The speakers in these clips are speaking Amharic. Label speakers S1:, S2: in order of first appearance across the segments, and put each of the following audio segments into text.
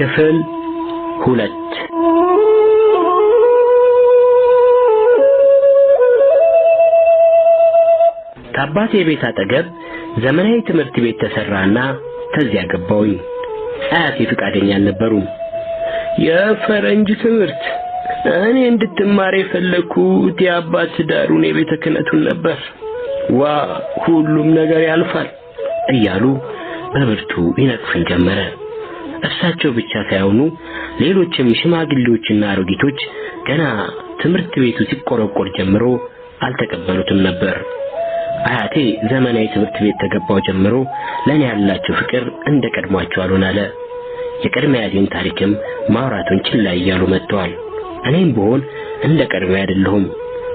S1: ክፍል ሁለት ከአባቴ ቤት አጠገብ ዘመናዊ ትምህርት ቤት ተሰራና ተዚያ ገባውኝ። አያቴ ፍቃደኛ አልነበሩም። የፈረንጅ ትምህርት እኔ እንድትማር የፈለግኩት የአባት ዳሩን የቤተ ክህነቱን ነበር። ዋ ሁሉም ነገር ያልፋል እያሉ በብርቱ ይነቅፉኝ ጀመረ። እርሳቸው ብቻ ሳይሆኑ ሌሎችም ሽማግሌዎችና አሮጊቶች ገና ትምህርት ቤቱ ሲቆረቆር ጀምሮ አልተቀበሉትም ነበር። አያቴ ዘመናዊ ትምህርት ቤት ተገባው ጀምሮ ለኔ ያላቸው ፍቅር እንደ ቀድሟቸው አልሆን አለ። የቅድመ አያቴን ታሪክም ማውራቱን ችላ እያሉ መጥተዋል። እኔም ብሆን እንደ ቀድሜ አይደለሁም።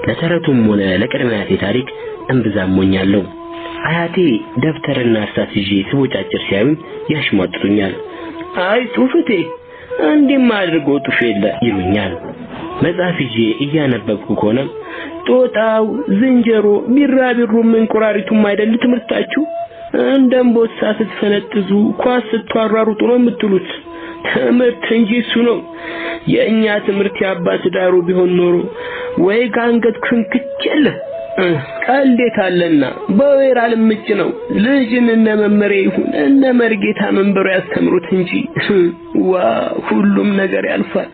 S1: ለተረቱም ሆነ ለቅድመ አያቴ ታሪክ እምብዛም ሞኛለሁ። አያቴ ደብተርና እርሳስ ይዤ ስቦጫጭር ሲያዩኝ ያሽሟጥጡኛል። አይ ትውፍቴ እንዲህም አድርጎ ጡፍ የለ ይሉኛል። መጽሐፍ ይዤ እያነበብኩ ከሆነ ጦጣው፣ ዝንጀሮ፣ ቢራቢሩም እንቁራሪቱም አይደል ትምህርታችሁ? እንደ ስትፈነጥዙ ኳስ ስትዋራሩ ነው የምትሉት። ትምህርት እንጂ እሱ ነው የእኛ ትምህርት። የአባት ዳሩ ቢሆን ኖሮ ወይ ከአንገት ክንክች እንዴት አለና በወይራ ልምጭ ነው ልጅን እነ መመሬ ይሁን እነ መርጌታ መንበሩ ያስተምሩት እንጂ ዋ ሁሉም ነገር ያልፋል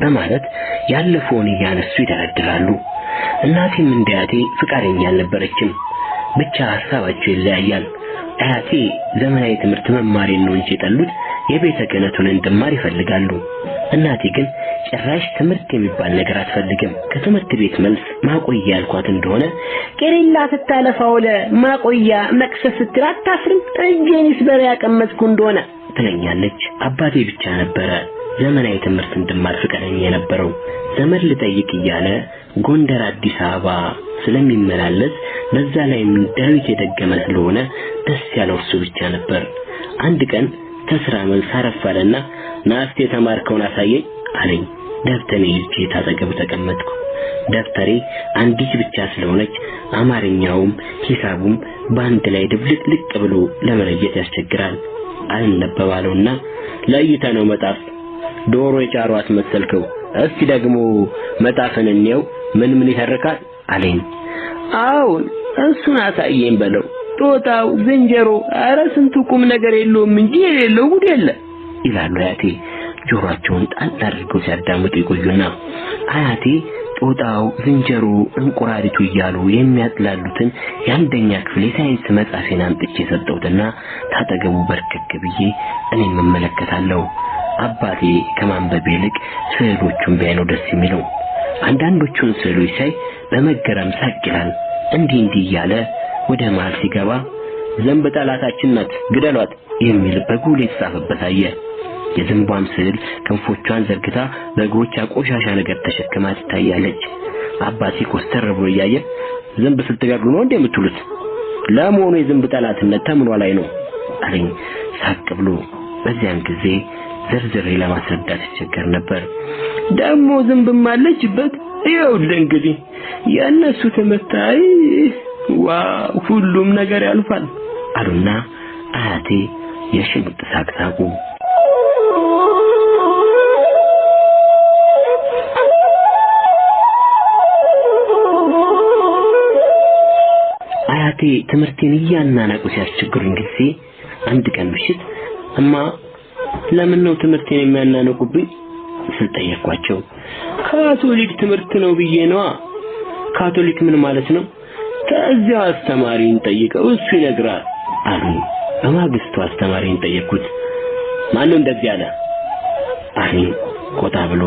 S1: በማለት ያለፈውን እያነሱ ይደረድራሉ። እናቴም እንደ አያቴ ፍቃደኛ አልነበረችም። ብቻ ሀሳባቸው ይለያያል። አያቴ ዘመናዊ ትምህርት መማሪን ነው እንጂ የጠሉት የቤተ ክህነቱን እንድማር ይፈልጋሉ። እናቴ ግን ጭራሽ ትምህርት የሚባል ነገር አትፈልግም። ከትምህርት ቤት መልስ ማቆያ ያልኳት እንደሆነ ቄሪላ ስታለፋ ማቆያ መቅሰስ ስትል አታፍርም ጠጄን በር ያቀመጥኩ እንደሆነ ትለኛለች። አባቴ ብቻ ነበረ ዘመናዊ ትምህርት እንድማር ፍቃደኛ የነበረው። ዘመድ ልጠይቅ እያለ ጎንደር አዲስ አበባ ስለሚመላለስ በዛ ላይ ዳዊት የደገመ ስለሆነ ደስ ያለው እሱ ብቻ ነበር። አንድ ቀን ከስራ መልስ አረፋለና ናስቴ የተማርከውን አሳየኝ አለኝ። ደብተሬ ይዤ ታጠገብ ተቀመጥኩ። ደብተሬ አንዲት ብቻ ስለሆነች አማርኛውም ሂሳቡም በአንድ ላይ ድብልቅልቅ ብሎ ለመለየት ያስቸግራል። አልነበባለውና ለእይተ ነው መጣፍ ዶሮ የጫሯ አስመሰልከው። እስቲ ደግሞ መጣፍን እንየው ምን ምን ይተርካል አለኝ። አሁን እሱን አሳየኝ በለው። ጦጣው፣ ዝንጀሮ፣ አረ ስንቱ ቁም ነገር የለውም እንጂ የሌለው ጉድ የለ ይላሉ አያቴ። ጆሮአቸውን ጣል አድርገው ሲያዳምጡ ይቆዩና አያቴ ጦጣው፣ ዝንጀሮ፣ እንቁራሪቱ እያሉ የሚያጥላሉትን የአንደኛ ክፍል የሳይንስ መጽሐፌን አምጥቼ የሰጠሁትና ታጠገቡ በርክክ ብዬ እኔ እመለከታለሁ። አባቴ ከማንበብ ይልቅ ስዕሎቹን ቢያይ ነው ደስ የሚለው። አንዳንዶቹን ስዕሎች ሳይ በመገረም ሳቅ ይላል። እንዲህ እንዲህ እያለ ወደ መሃል ሲገባ ዘንብ ጠላታችን ናት ግደሏት የሚል በጉል የተጻፈበት አየ። የዝንቧን ስዕል ክንፎቿን ዘርግታ በእግሮቿ ቆሻሻ ነገር ተሸክማ ትታያለች። አባቴ ኮስተር ብሎ እያየ ዝንብ ስትገድሉ ነው እንዴ የምትሉት? ለመሆኑ የዝንብ ጠላትነት ተምኗ ላይ ነው አለኝ ሳቅ ብሎ። በዚያን ጊዜ ዝርዝሬ ለማስረዳት ይቸገር ነበር። ደግሞ ዝንብም አለችበት። ይኸውልህ እንግዲህ የእነሱ ትምህርት አይ ዋ ሁሉም ነገር ያልፋል አሉና አያቴ የሽምጥ ሳቅ ሳቁ። አባቴ ትምህርቴን እያናነቁ ሲያስቸግሩኝ ጊዜ አንድ ቀን ምሽት እማ ለምን ነው ትምህርቴን የሚያናነቁብኝ ስል ጠየኳቸው። ካቶሊክ ትምህርት ነው ብዬ ነዋ። ካቶሊክ ምን ማለት ነው? ከዚያ አስተማሪን ጠይቀው እሱ ይነግራል አሉ። በማግስቱ አስተማሪን ጠየቅኩት። ማን ነው እንደዚህ አለ አለኝ ቆጣ ብሎ።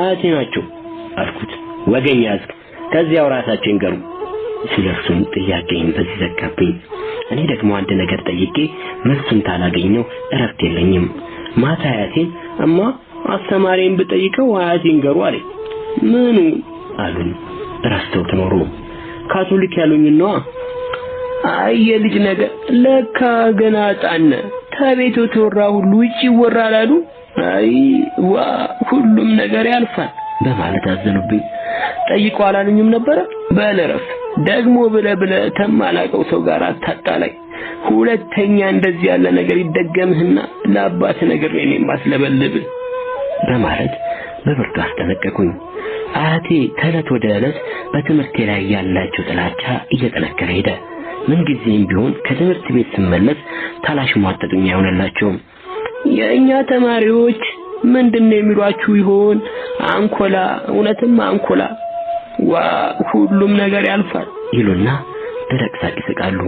S1: አያቴ ናቸው አልኩት። ወገን ያዝክ፣ ከዚያው ራሳቸው ይንገሩ ሲደርሱኝ ጥያቄን በዚህ ዘጋብኝ። እኔ ደግሞ አንድ ነገር ጠይቄ መልሱን ታላገኘው እረፍት የለኝም። ማታ አያቴን እማ አስተማሪን ብጠይቀው አያቴን ገሩ አለ። ምኑ አሉኝ። ረስተው ተኖሩ። ካቶሊክ ያሉኝ ነው። አይ የልጅ ነገር ለካ ገና ጣነ ከቤት ተወራ ሁሉ ውጭ ይወራል አይ ዋ ሁሉም ነገር ያልፋል በማለት አዘኑብኝ። ጠይቀው አላሉኝም ነበረ በለረፍ ደግሞ ብለ ብለ ተማላቀው ሰው ጋር አታጣላይ። ሁለተኛ እንደዚህ ያለ ነገር ይደገምህና ለአባት ነገር ነው ማስለበልብ በማለት በብርቱ አስጠነቀቁኝ። አያቴ ከዕለት ወደ ዕለት በትምህርቴ ላይ ያላቸው ጥላቻ እየጠነከረ ሄደ። ምንጊዜም ቢሆን ከትምህርት ቤት ስመለስ ታላሽ ማጠጡኝ አይሆንላቸውም። የእኛ ተማሪዎች ምንድነው የሚሏችሁ ይሆን? አንኮላ፣ እውነትም አንኮላ ዋ ሁሉም ነገር ያልፋል ይሉና ደረቅ ሳቅ ይስቃሉ።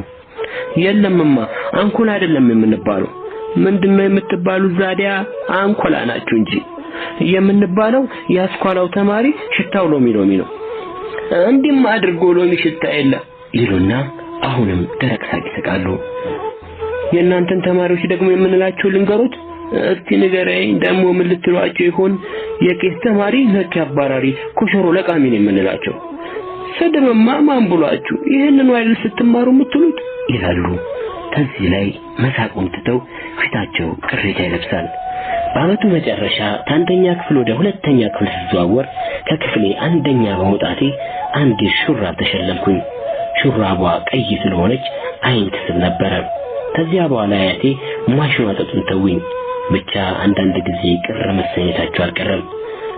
S1: የለምማ አንኮላ አይደለም የምንባለው። ምንድነው የምትባሉት ዛዲያ? አንኮላ ናችሁ እንጂ የምንባለው የአስኳላው ተማሪ ሽታው ሎሚ ሎሚ ነው። እንዲህም አድርጎ ሎሚ ሽታ የለ ይሉና አሁንም ደረቅ ሳቅ ይስቃሉ። የእናንተን ተማሪዎች ደግሞ የምንላቸው ልንገሮት እስኪ ንገረኝ ደግሞ ምን ልትሏቸው ይሆን? የቄስ ተማሪ ነኪ አባራሪ ኮሾሮ ለቃሚ ነው የምንላቸው። ስድብማ ማን ብሏችሁ ይህንኑ አይደል ስትማሩ የምትሉት ይላሉ። ከዚህ ላይ መሳቁን ትተው ፊታቸው ቅሬታ ይለብሳል። በዓመቱ መጨረሻ ከአንደኛ ክፍል ወደ ሁለተኛ ክፍል ስዘዋወር ከክፍሌ አንደኛ በመውጣቴ አንድ ሹራብ ተሸለምኩኝ። ሹራቧ ቀይ ስለሆነች አይን ትስብ ነበረ። ከዚያ በኋላ አያቴ ማሽኗ ጠጡን ተውኝ። ብቻ አንዳንድ ጊዜ ቅር መሰኘታቸው አልቀረም።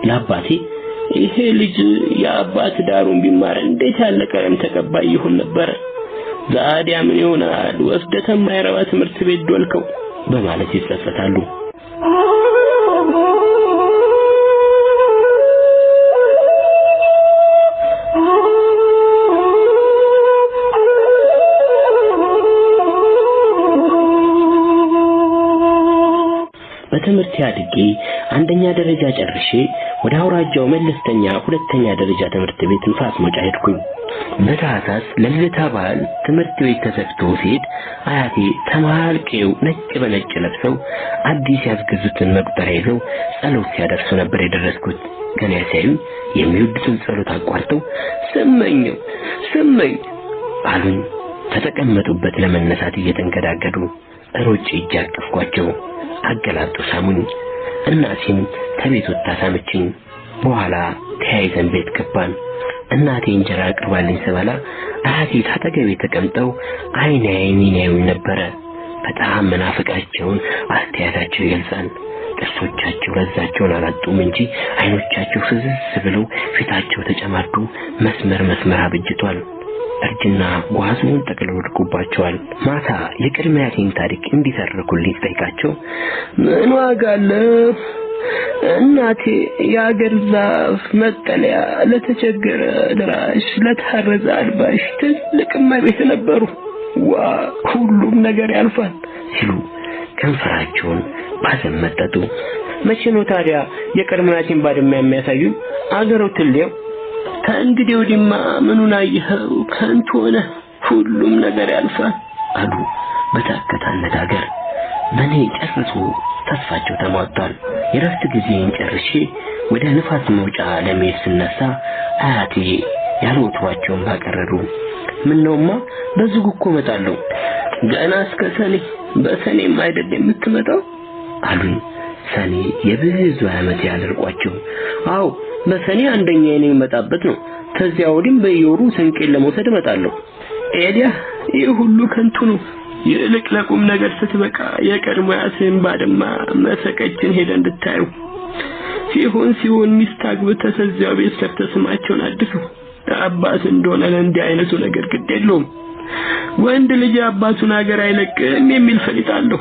S1: ለአባቴ ይሄ ልጅ የአባት ዳሩን ቢማር እንዴት ያለ ቀለም ተቀባይ ይሆን ነበረ። ዛዲያ ምን ይሆናል ወስደህ የማይረባ ትምህርት ቤት ዶልከው በማለት ይጸጸታሉ። በትምህርት አድጌ አንደኛ ደረጃ ጨርሼ ወደ አውራጃው መለስተኛ ሁለተኛ ደረጃ ትምህርት ቤት ንፋስ መውጫ ሄድኩኝ። በታህሳስ ለልደታ በዓል ትምህርት ቤት ተዘግቶ ሲሄድ አያቴ ተማልቄው ነጭ በነጭ ለብሰው አዲስ ያስገዙትን መቁጠሪያ ይዘው ጸሎት ሲያደርሱ ነበር የደረስኩት። ገና ሲያዩ የሚወዱትን ጸሎት አቋርጠው ስመኘው ስመኝ አሉኝ። ከተቀመጡበት ለመነሳት እየተንገዳገዱ ሮጬ እጅ አቀፍኳቸው። አገላጡ ሳሙኝ። እናቴም ከቤት ወጥታ ሳመችኝ። በኋላ ተያይዘን ቤት ገባን። እናቴ እንጀራ አቅርባልኝ ስበላ አያቴ ታጠገቤ ተቀምጠው አይን አይኔን ያዩኝ ነበረ። በጣም መናፍቃቸውን አስተያየታቸው ይገልጻል። ጥርሶቻቸው ለዛቸውን አላጡም እንጂ አይኖቻቸው ፍዝዝ ብለው ፊታቸው ተጨማዱ፣ መስመር መስመር አብጅቷል። እጅና ጓዝኑን ጠቅለው ወድቁባቸዋል። ማታ የቅድመ አያቴን ታሪክ እንዲተርኩልኝ ስጠይቃቸው ምን ዋጋ አለ እናቴ የአገር ዛፍ መጠለያ፣ ለተቸገረ ድራሽ፣ ለታረዘ አልባሽ ትልቅ እመቤት ነበሩ። ዋ ሁሉም ነገር ያልፋል ሲሉ ከንፈራቸውን ባዘመጠጡ መቼ ነው ታዲያ የቅድመ አያቴን ባድማ የሚያሳዩ አገሮትን እንግዲህ ወዲማ ምኑን አየኸው? ከንቱ ሆነ፣ ሁሉም ነገር ያልፋል አሉ በታከተ አነጋገር። በእኔ ጨርሶ ተስፋቸው ተሟጧል። የረፍት ጊዜን ጨርሼ ወደ ንፋስ መውጫ ለመሄድ ስነሳ አያቴ ያልወትሯቸውን ባቀረሩ። ነውማ በዝግ እኮ እመጣለሁ ገና እስከ ሰኔ፣ በሰኔም አይደል የምትመጣው አሉኝ። ሰኔ የብዙ ዓመት ያልርቋቸው አዎ በሰኔ አንደኛ የኔ የሚመጣበት ነው። ከዚያ ወዲህም በየወሩ ስንቄን ለመውሰድ እመጣለሁ። ኤልያ ይህ ሁሉ ከንቱ ነው። ይልቅ ለቁም ነገር ስትበቃ የቀድሞ ያትህን ባድማ መሰቀችን ሄደ እንድታዩ ሲሆን ሲሆን ሚስት አግብተህ እዚያው ቤት ሰርተህ ስማቸውን አድሰው። አባት እንደሆነ ለእንዲህ አይነቱ ነገር ግድ የለውም። ወንድ ልጅ አባቱን ሀገር አይለቅም የሚል ፈሊጥ አለው።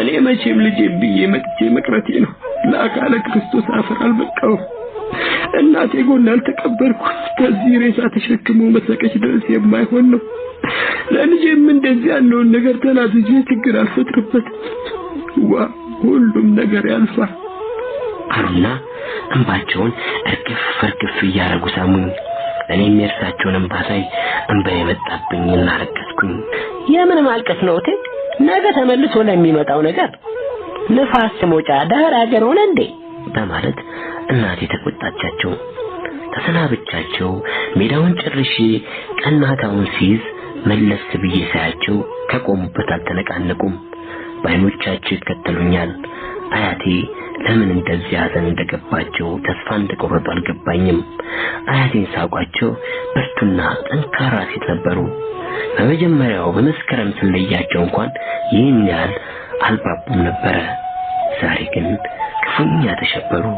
S1: እኔ መቼም ልጄ ብዬ መቅቼ መቅረቴ ነው። ለአካለ ክርስቶስ አፈር አልበቃሁም። እናቴ ጎን አልተቀበርኩም። በዚህ ሬሳ ተሸክሞ መሰቀች ድረስ የማይሆን ነው። ለልጄም እንደዚህ ያለውን ነገር ተናድጄ ችግር አልፈጥርበት። ዋ ሁሉም ነገር ያልፋል አሉና እንባቸውን እርግፍ እርግፍ እያረጉ ሳሙኝ። እኔም የእርሳቸውን እንባ ሳይ እንባ የመጣብኝ እናረገዝኩኝ። የምን ማልቀስ ነው እቴ? ነገ ተመልሶ ለሚመጣው ነገር ንፋስ መውጫ ዳር አገር ሆነ እንዴ? በማለት እናቴ ተቆጣቻቸው። ተሰናብቻቸው ሜዳውን ጨርሼ ቀናታውን ሲይዝ መለስ ብዬ ሳያቸው ከቆሙበት አልተነቃነቁም። በአይኖቻቸው ይከተሉኛል። አያቴ ለምን እንደዚህ ሐዘን እንደገባቸው ተስፋ እንደቆረጡ አልገባኝም። አያቴን ሳውቋቸው ብርቱና ጠንካራ ሴት ነበሩ። በመጀመሪያው በመስከረም ስለያቸው እንኳን ይህን ያህል አልባቡም ነበረ። ዛሬ ግን ክፉኛ ተሸበሩ።